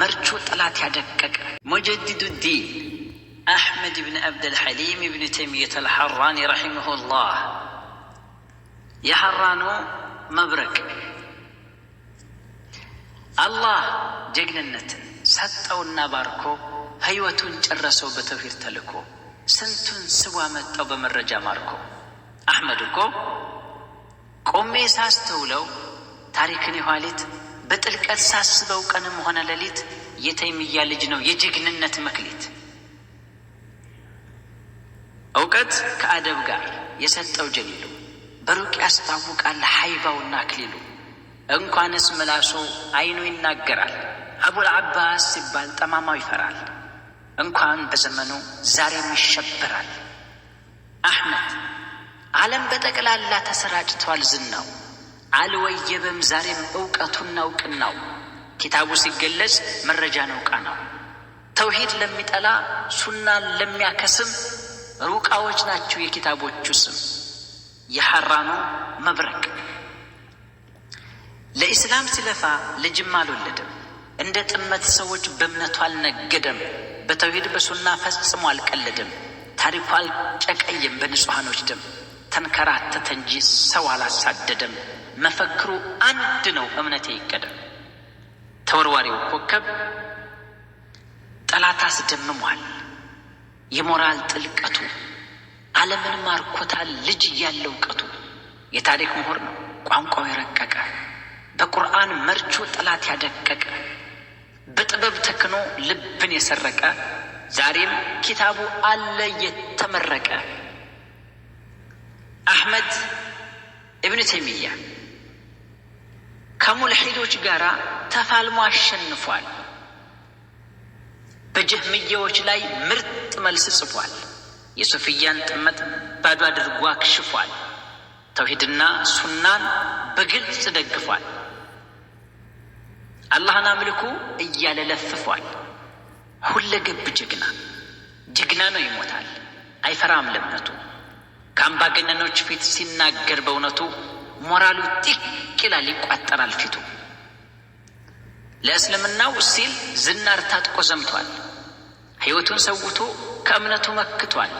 መርቾ ጠላት ያደቀቀ ሙጀዲዱ ዲን አሕመድ ብን ሐሊም ብን ተይሚየት አልሐራኒ ረሒመሁላህ የሐራኑ መብረቅ አላህ ጀግንነትን ሰጠውና ባርኮ ህይወቱን ጨረሰው። በተውሂድ ተልኮ ስንቱን ስቡ አመጣው በመረጃ ማርኮ። አሕመድ እኮ ቆሜ ሳስተውለው ታሪክን የኋሊት በጥልቀት ሳስበው ቀንም ሆነ ሌሊት የተይምያ ልጅ ነው የጀግንነት መክሊት። እውቀት ከአደብ ጋር የሰጠው ጀሊሉ በሩቅ ያስታውቃል ሀይባውና አክሊሉ። እንኳንስ ምላሱ አይኑ ይናገራል። አቡል አባስ ሲባል ጠማማው ይፈራል። እንኳን በዘመኑ ዛሬም ይሸበራል። አሕመድ ዓለም በጠቅላላ ተሰራጭቷል ዝናው አልወየበም ዛሬም እውቀቱና እውቅናው ኪታቡ ሲገለጽ መረጃ እውቃ ነው። ተውሂድ ለሚጠላ ሱናን ለሚያከስም ሩቃዎች ናቸው የኪታቦቹ ስም። የሐራኑ መብረቅ ለኢስላም ሲለፋ ልጅም አልወለደም። እንደ ጥመት ሰዎች በእምነቱ አልነገደም። በተውሂድ በሱና ፈጽሞ አልቀለደም። ታሪኩ አልጨቀየም በንጹሐኖች ደም። ተንከራተተ እንጂ ሰው አላሳደደም። መፈክሩ አንድ ነው፣ እምነቴ ይቀደም። ተወርዋሪው ኮከብ ጠላት አስደምሟል። የሞራል ጥልቀቱ ዓለምን ማርኮታል። ልጅ እያለ እውቀቱ የታሪክ ምሁር ነው፣ ቋንቋው የረቀቀ በቁርአን መርቾ ጠላት ያደቀቀ በጥበብ ተክኖ ልብን የሰረቀ ዛሬም ኪታቡ አለ የተመረቀ አሕመድ ኢብኑ ተይሚያ ከሙልሒዶች ጋር ተፋልሞ አሸንፏል። በጀህምያዎች ላይ ምርጥ መልስ ጽፏል። የሱፍያን ጥመት ባዶ አድርጎ አክሽፏል። ተውሂድና ሱናን በግልጽ ደግፏል። አላህን አምልኩ እያለ ለፍፏል። ገብ ጀግና ጀግና ነው ይሞታል፣ አይፈራም ለእምነቱ ከአምባገነኖች ፊት ሲናገር በእውነቱ ሞራሉ ጢቅ ይላል፣ ይቋጠራል ፊቱ። ለእስልምናው ሲል ዝናር ታጥቆ ዘምቷል። ሕይወቱን ሰውቶ ከእምነቱ መክቷል።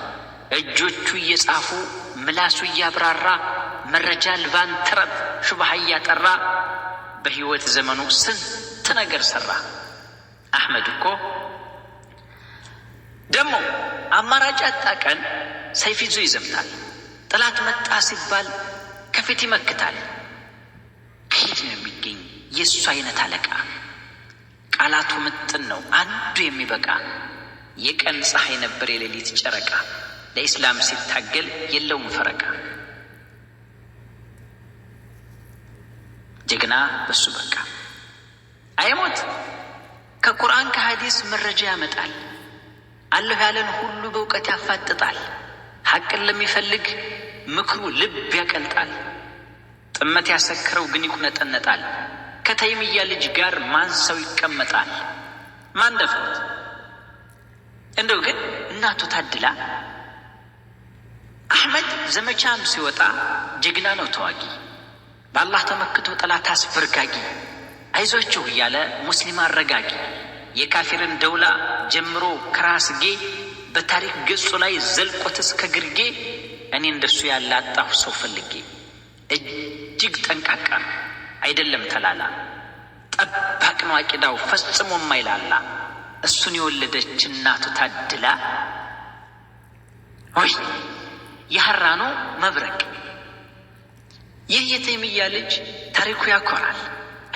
እጆቹ እየጻፉ ምላሱ እያብራራ መረጃ ልባን ተረት ሹብሃ እያጠራ በሕይወት ዘመኑ ስንት ነገር ሠራ። አሕመድ እኮ ደግሞ አማራጭ አጣ። ቀን ሰይፍ ይዞ ይዘምታል። ጥላት መጣ ሲባል ፊት ይመክታል። ከየት ነው የሚገኝ የእሱ አይነት አለቃ? ቃላቱ ምጥን ነው፣ አንዱ የሚበቃ የቀን ፀሐይ ነበር የሌሊት ጨረቃ፣ ለኢስላም ሲታገል የለውም ፈረቃ። ጀግና በሱ በቃ አይሞት ከቁርአን ከሐዲስ መረጃ ያመጣል። አለሁ ያለን ሁሉ በእውቀት ያፋጥጣል። ሐቅን ለሚፈልግ ምክሩ ልብ ያቀልጣል። ጥመት ያሰክረው ግን ይቁነጠነጣል። ከተይምያ ልጅ ጋር ማን ሰው ይቀመጣል? ማን ደፈረት? እንደው ግን እናቱ ታድላ። አሕመድ ዘመቻም ሲወጣ ጀግና ነው፣ ተዋጊ፣ በአላህ ተመክቶ ጠላት አስበርጋጊ፣ አይዟችሁ እያለ ሙስሊም አረጋጊ፣ የካፊርን ደውላ ጀምሮ ከራስጌ በታሪክ ገጹ ላይ ዘልቆት እስከ ግርጌ እኔ እንደሱ ያለ አጣሁ ሰው ፈልጌ እጅግ ጠንቃቃ ነው፣ አይደለም ተላላ። ጠባቅ ነው አቂዳው ፈጽሞ ማይላላ። እሱን የወለደች እናቱ ታድላ ወይ የሐራ ነው መብረቅ። ይህ የተይምያ ልጅ ታሪኩ ያኮራል፣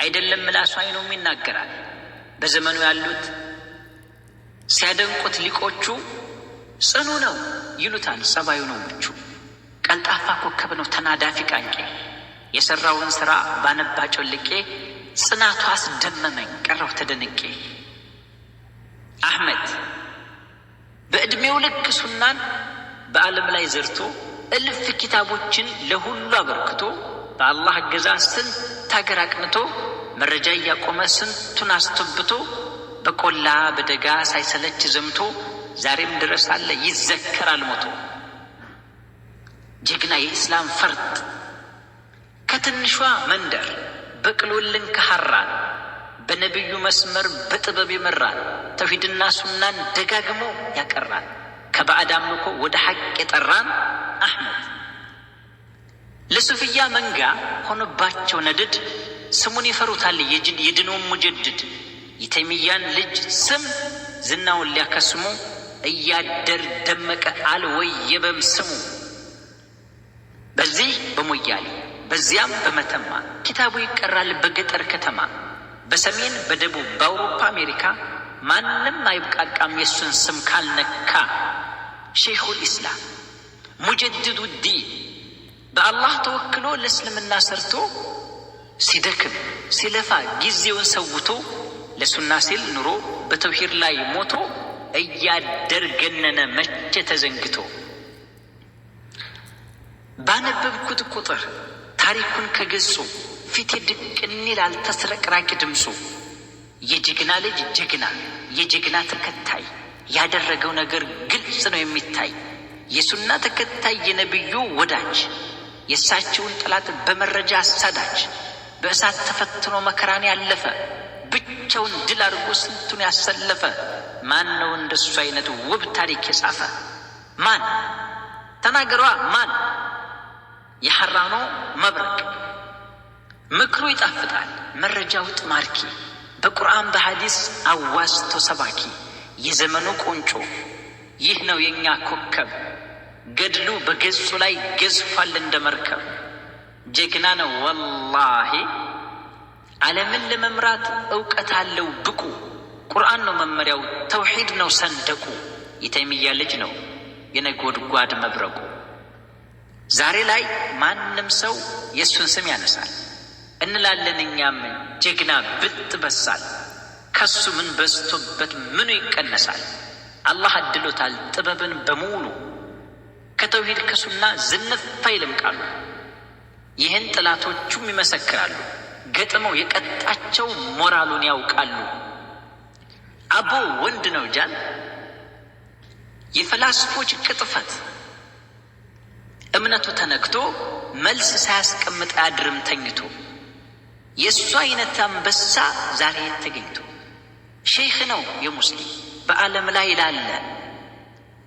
አይደለም ምላሱ አይኖም ይናገራል። በዘመኑ ያሉት ሲያደንቁት ሊቆቹ ጽኑ ነው ይሉታል፣ ጸባዩ ነው ምቹ ቀልጣፋ ኮከብ ነው ተናዳፊ ቃንቄ የሰራውን ሥራ ባነባ ልቄ ጽናቷ አስደመመኝ ቀረው ተደንቄ። አህመድ በዕድሜው ልክ ሱናን በዓለም ላይ ዘርቶ እልፍ ኪታቦችን ለሁሉ አበርክቶ በአላህ እገዛ ስንት አገር አቅንቶ መረጃ እያቆመ ስንቱን አስቶብቶ በቆላ በደጋ ሳይሰለች ዘምቶ ዛሬም ድረስ አለ ይዘከራል ሞቶ። ጀግና የእስላም ፈርጥ ከትንሿ መንደር በቅሎልን ከሐራን በነቢዩ መስመር በጥበብ ይመራል። ተውሂድና ሱናን ደጋግሞ ያቀራል። ከባዕድ አምልኮ ወደ ሐቅ የጠራን አሕመድ ለሱፍያ መንጋ ሆነባቸው ነድድ ስሙን ይፈሩታል የድኖ ሙጀድድ የተሚያን ልጅ ስም ዝናውን ሊያከስሙ እያደር ደመቀ አልወየበም ስሙ በዚህ በሞያሌ በዚያም በመተማ ኪታቡ ይቀራል። በገጠር ከተማ በሰሜን በደቡብ በአውሮፓ አሜሪካ ማንም አይብቃቃም የእሱን ስም ካልነካ። ሼሁል ኢስላም ሙጀድዱ ዲን በአላህ ተወክሎ ለእስልምና ሰርቶ ሲደክም ሲለፋ ጊዜውን ሰውቶ ለሱና ሲል ኑሮ በተውሂድ ላይ ሞቶ እያደርገነነ መቼ ተዘንግቶ ባነበብኩት ቁጥር ታሪኩን ከገጹ ፊቴ ድቅን ይላል ተስረቅራቂ ድምፁ። የጀግና ልጅ ጀግና፣ የጀግና ተከታይ ያደረገው ነገር ግልጽ ነው የሚታይ። የሱና ተከታይ የነቢዩ ወዳጅ የእሳቸውን ጠላት በመረጃ አሳዳጅ በእሳት ተፈትኖ መከራን ያለፈ ብቻውን ድል አድርጎ ስንቱን ያሰለፈ ማን ነው እንደሱ አይነት ውብ ታሪክ የጻፈ? ማን ተናገሯ ማን የሐራኖ መብረቅ ምክሩ ይጣፍጣል፣ መረጃው ጥማርኪ፣ በቁርአን በሐዲስ አዋዝቶ ሰባኪ፣ የዘመኑ ቁንጮ ይህ ነው የእኛ ኮከብ፣ ገድሉ በገጹ ላይ ገዝፏል እንደ መርከብ። ጀግና ነው ወላሂ ዓለምን ለመምራት እውቀት አለው ብቁ። ቁርአን ነው መመሪያው፣ ተውሒድ ነው ሰንደቁ። የተይምያ ልጅ ነው የነጎድጓድ መብረቁ። ዛሬ ላይ ማንም ሰው የእሱን ስም ያነሳል እንላለን። እኛም ጀግና ብጥ በሳል ከሱ ምን በዝቶበት ምኑ ይቀነሳል? አላህ አድሎታል ጥበብን በሙሉ ከተውሂድ ከሱና ዝንፍ አይልም ቃሉ። ይህን ጥላቶቹም ይመሰክራሉ ገጥመው የቀጣቸው ሞራሉን ያውቃሉ። አቦ ወንድ ነው ጃል የፈላስፎች ቅጥፈት እምነቱ ተነክቶ መልስ ሳያስቀምጥ አድርም ተኝቶ የእሱ አይነት አንበሳ ዛሬ ተገኝቶ ሼህ ነው የሙስሊም በዓለም ላይ ላለ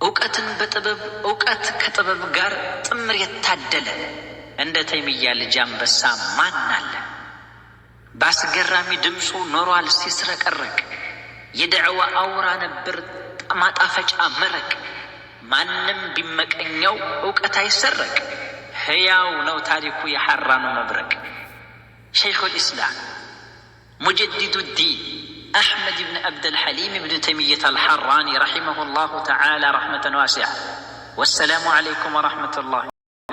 እውቀትን በጥበብ እውቀት ከጥበብ ጋር ጥምር የታደለ እንደ ተይምያ ልጅ አንበሳ ማን አለ? በአስገራሚ ድምፁ ኖሯል ሲስረቀረቅ የደዕዋ አውራ ነበር ማጣፈጫ መረቅ ማንም ቢመቀኘው እውቀት አይሰረቅ፣ ሕያው ነው ታሪኩ የሐራኑ መብረቅ። ሸይኹል ኢስላም ሙጀዲዱ ዲን አሕመድ ብን አብደልሐሊም ብን ተይሚየት አልሐራኒ ረሒመሁላሁ ተዓላ ረሕመተን ዋሲዓ። ወሰላሙ ዓለይኩም ወረሕመቱላህ